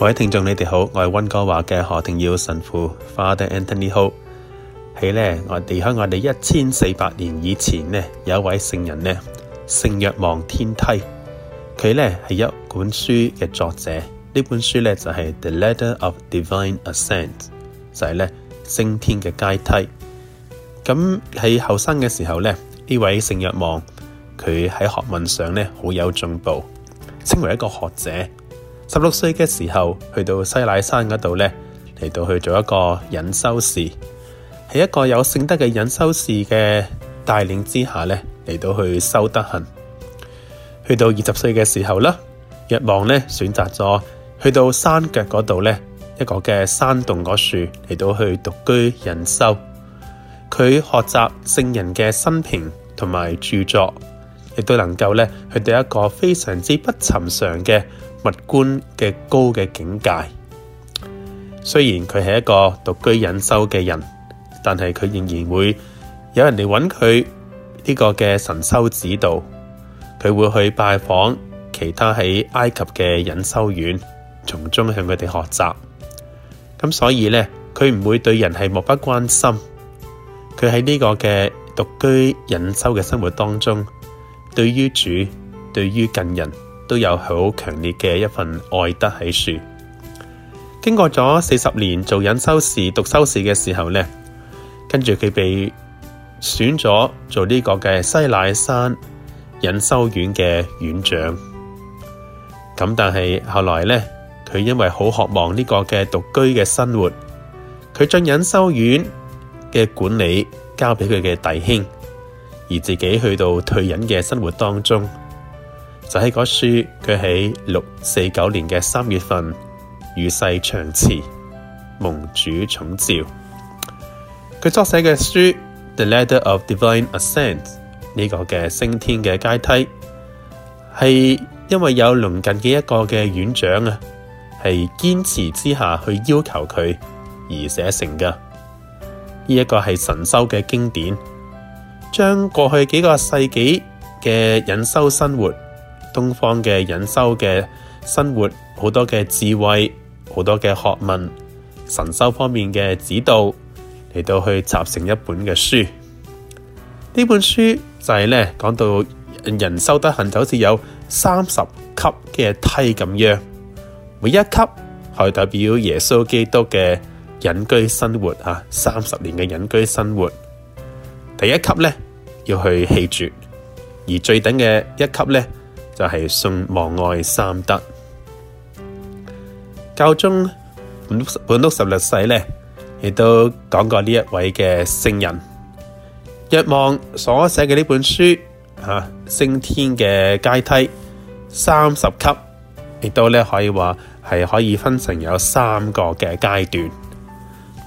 各位聽眾，你哋好，我係溫哥華嘅何庭耀神父，Father Anthony Ho。喺咧，我哋喺我哋一千四百年以前咧，有一位聖人咧，聖約望天梯，佢咧係一本書嘅作者，呢本書咧就係《The Ladder of Divine Ascent》，就係咧升天嘅階梯。咁喺後生嘅時候咧，呢位聖約望，佢喺學問上咧好有進步，成為一個學者。十六歲嘅時候，去到西乃山嗰度咧，嚟到去做一個隱修士，喺一個有聖德嘅隱修士嘅帶領之下咧，嚟到去修德行。去到二十歲嘅時候啦，若望咧選擇咗去到山腳嗰度咧，一個嘅山洞嗰處嚟到去獨居隱修，佢學習聖人嘅生平同埋著作。亦都能夠呢去到一個非常之不尋常嘅物觀嘅高嘅境界。雖然佢係一個獨居隱修嘅人，但係佢仍然會有人嚟揾佢呢個嘅神修指導。佢會去拜訪其他喺埃及嘅隱修院，從中向佢哋學習。咁所以呢，佢唔會對人係漠不關心。佢喺呢個嘅獨居隱修嘅生活當中，對於主，對於近人，都有好強烈嘅一份愛德喺書。經過咗四十年做隱修士、讀修士嘅時候呢，跟住佢被選咗做呢個嘅西乃山隱修院嘅院長。咁但係後來呢，佢因為好渴望呢個嘅獨居嘅生活，佢將隱修院嘅管理交俾佢嘅弟兄。而自己去到退隱嘅生活當中，就喺、是、嗰書，佢喺六四九年嘅三月份與世長辭，蒙主寵召。佢作寫嘅書《The Ladder of Divine Ascent》呢個嘅升天嘅階梯，係因為有鄰近嘅一個嘅院長啊，係堅持之下去要求佢而寫成的呢一、這個係神修嘅經典。將過去幾個世紀嘅隱修生活，東方嘅隱修嘅生活，好多嘅智慧，好多嘅學問，神修方面嘅指導，嚟到去集成一本嘅書。呢本書就係呢講到人修德行就好似有三十級嘅梯咁樣，每一級係代表耶穌基督嘅隱居生活啊，三十年嘅隱居生活。啊第一級呢，要去棄絕，而最頂嘅一級呢，就係信望愛三德。教宗本本篤十六世呢，亦都講過呢一位嘅聖人。若望所寫嘅呢本書吓、啊、升天嘅階梯三十級，亦都呢可以話係可以分成有三個嘅階段。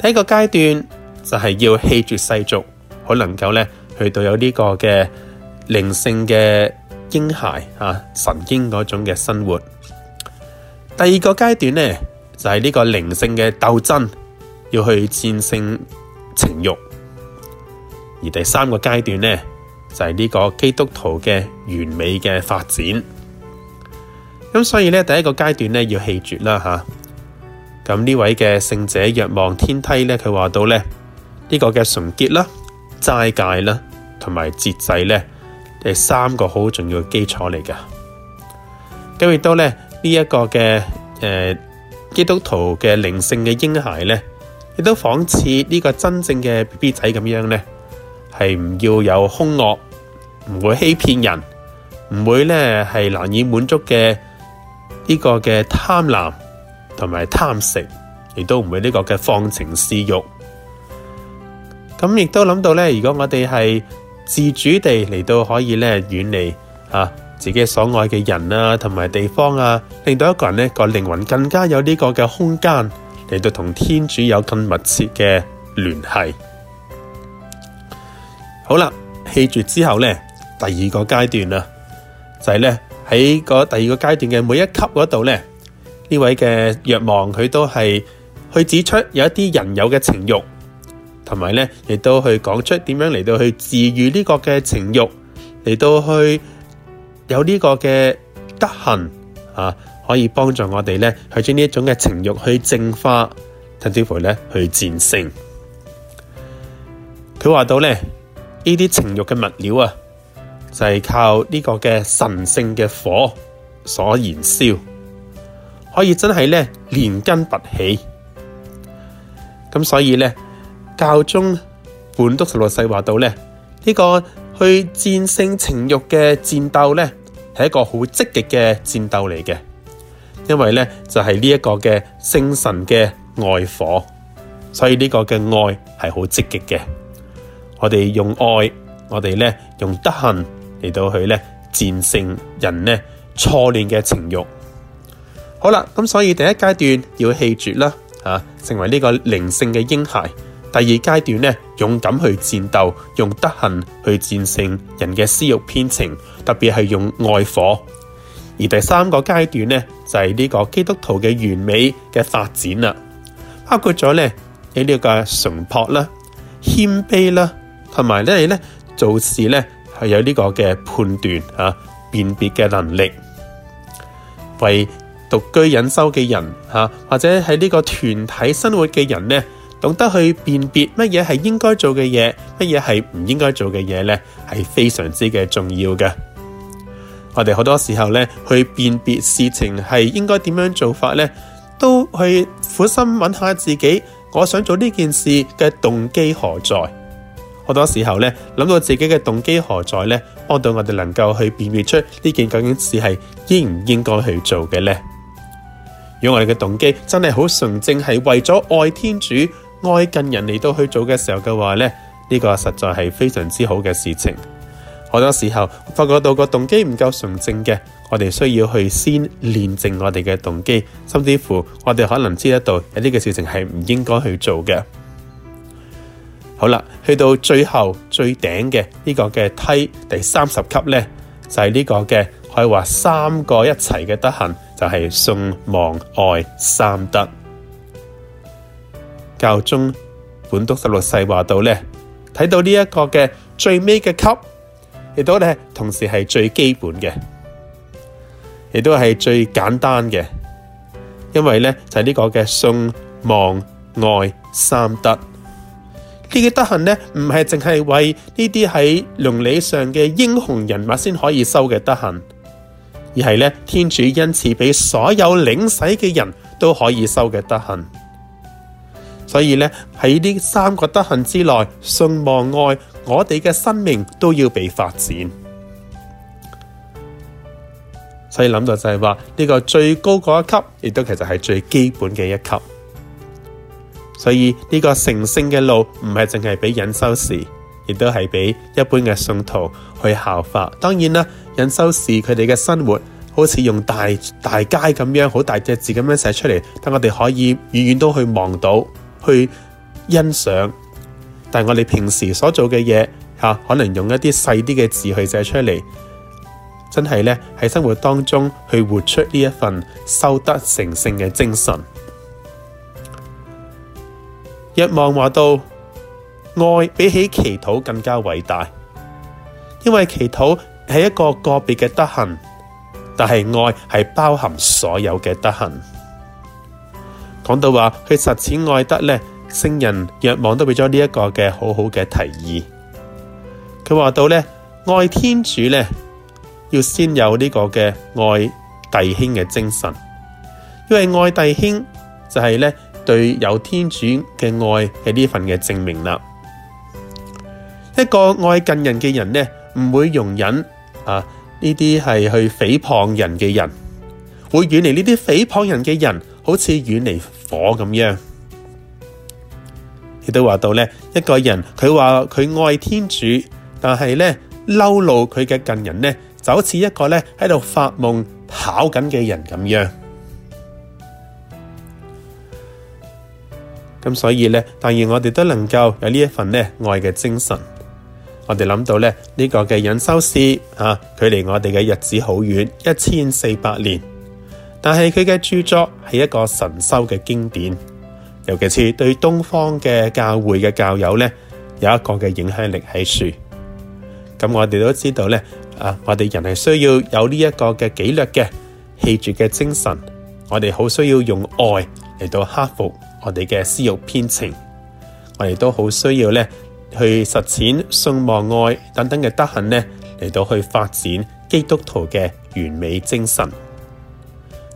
第一個階段就係、是、要棄絕世俗。可能夠咧去到有呢個嘅靈性嘅嬰孩啊，神經嗰種嘅生活。第二個階段咧就係、是、呢個靈性嘅鬥爭，要去戰勝情慾。而第三個階段咧就係、是、呢個基督徒嘅完美嘅發展。咁所以咧，第一個階段咧要棄絕啦，嚇、啊。咁呢位嘅聖者若望天梯咧，佢話到咧呢、這個嘅純潔啦。齋戒啦，同埋節制咧，係三個好重要嘅基礎嚟㗎。咁亦都咧呢一、這個嘅誒、呃、基督徒嘅靈性嘅嬰孩咧，亦都仿似呢個真正嘅 B B 仔咁樣咧，係唔要有兇惡，唔會欺騙人，唔會咧係難以滿足嘅呢、這個嘅貪婪貪，同埋貪食，亦都唔會呢個嘅放情肆慾。咁亦都諗到咧，如果我哋係自主地嚟到可以咧遠離啊自己所愛嘅人啊，同埋地方啊，令到一個人咧個靈魂更加有呢個嘅空間，嚟到同天主有更密切嘅聯繫。好啦，棄絕之後咧，第二個階段啦、啊，就係咧喺個第二個階段嘅每一級嗰度咧，呢位嘅若望，佢都係去指出有一啲人有嘅情欲。同埋咧，亦都去講出點樣嚟到去治癒呢個嘅情欲，嚟到去有呢個嘅德行啊，可以幫助我哋咧去將呢一種嘅情欲去淨化，甚至乎咧去戰勝。佢話到咧呢啲情欲嘅物料啊，就係靠呢個嘅神聖嘅火所燃燒，可以真係咧連根拔起。咁所以咧。教宗本篤十六世話到咧，呢、這個去戰勝情欲嘅戰鬥咧，係一個好積極嘅戰鬥嚟嘅。因為咧就係呢一個嘅聖神嘅愛火，所以呢個嘅愛係好積極嘅。我哋用愛，我哋咧用德行嚟到去咧戰勝人咧錯亂嘅情欲。好啦，咁所以第一階段要棄絕啦，啊，成為呢個靈性嘅嬰孩。第二階段咧，勇敢去戰鬥，用德行去戰勝人嘅私慾偏情，特別係用愛火；而第三個階段咧，就係、是、呢個基督徒嘅完美嘅發展啦，包括咗咧你呢這個純樸啦、謙卑啦，同埋咧咧做事咧係有呢個嘅判斷嚇、啊、辨別嘅能力，為獨居隱修嘅人嚇、啊，或者喺呢個團體生活嘅人咧，懂得去辨別乜嘢係應該做嘅嘢，乜嘢係唔應該做嘅嘢，呢係非常之嘅重要嘅。我哋好多時候呢，去辨別事情係應該點樣做法呢，都去苦心問下自己，我想做呢件事嘅動機何在？好多時候呢，諗到自己嘅動機何在呢，幫到我哋能夠去辨別出呢件究竟事係應唔應該去做嘅呢。如果我哋嘅動機真係好純正，係為咗愛天主。愛近人嚟到去做嘅時候嘅話咧，呢個實在係非常之好嘅事情。好多時候發覺到個動機唔夠純正嘅，我哋需要去先練正我哋嘅動機，甚至乎我哋可能知得到呢個事情係唔應該去做嘅。好啦，去到最後最頂嘅呢個嘅梯第三十級呢，就係呢個嘅可以話三個一齊嘅德行，就係信望愛三德。教宗本篤十六世話呢到咧，睇到呢一個嘅最尾嘅級，亦都咧同時係最基本嘅，亦都係最簡單嘅，因為咧就係、是、呢個嘅信望愛三德呢啲、這個、德行咧，唔係淨係為呢啲喺倫理上嘅英雄人物先可以修嘅德行，而係咧天主因此俾所有領洗嘅人都可以修嘅德行。所以咧喺呢三個德行之內，信望愛，我哋嘅生命都要被發展。所以諗到就係話呢個最高嗰一級，亦都其實係最基本嘅一級。所以呢個成聖嘅路，唔係淨係俾隱修士，亦都係俾一般嘅信徒去效法。當然啦，隱修士佢哋嘅生活好似用大大街咁樣，好大隻字咁樣寫出嚟，等我哋可以遠遠都去望到。去欣賞，但我哋平時所做嘅嘢吓，可能用一啲細啲嘅字去寫出嚟，真係呢喺生活當中去活出呢一份修德成聖嘅精神。一望話到，愛比起祈禱更加偉大，因為祈禱係一個個別嘅德行，但係愛係包含所有嘅德行。講到話去實踐愛德咧，聖人若望都俾咗呢一個嘅好好嘅提議。佢話到咧，愛天主咧，要先有呢個嘅愛弟兄嘅精神。因為愛弟兄就係咧對有天主嘅愛嘅呢份嘅證明啦。一個愛近人嘅人咧，唔會容忍啊呢啲係去誹謗人嘅人，會遠離呢啲誹謗人嘅人。好似遠離火咁樣，亦都話到呢一個人佢話佢愛天主，但係呢嬲怒，佢嘅近人呢，就好似一個呢喺度發夢跑緊嘅人咁樣。咁所以呢，但願我哋都能夠有呢一份呢愛嘅精神，我哋諗到呢呢個嘅隱修士啊，距離我哋嘅日子好遠，一千四百年。但係佢嘅著作係一個神修嘅經典，尤其是對東方嘅教會嘅教友呢，有一個嘅影響力喺度。咁、嗯、我哋都知道呢啊，我哋人係需要有呢一個嘅紀律嘅，棄絕嘅精神，我哋好需要用愛嚟到克服我哋嘅私欲偏情，我哋都好需要呢去實踐信望愛等等嘅德行呢嚟到去發展基督徒嘅完美精神。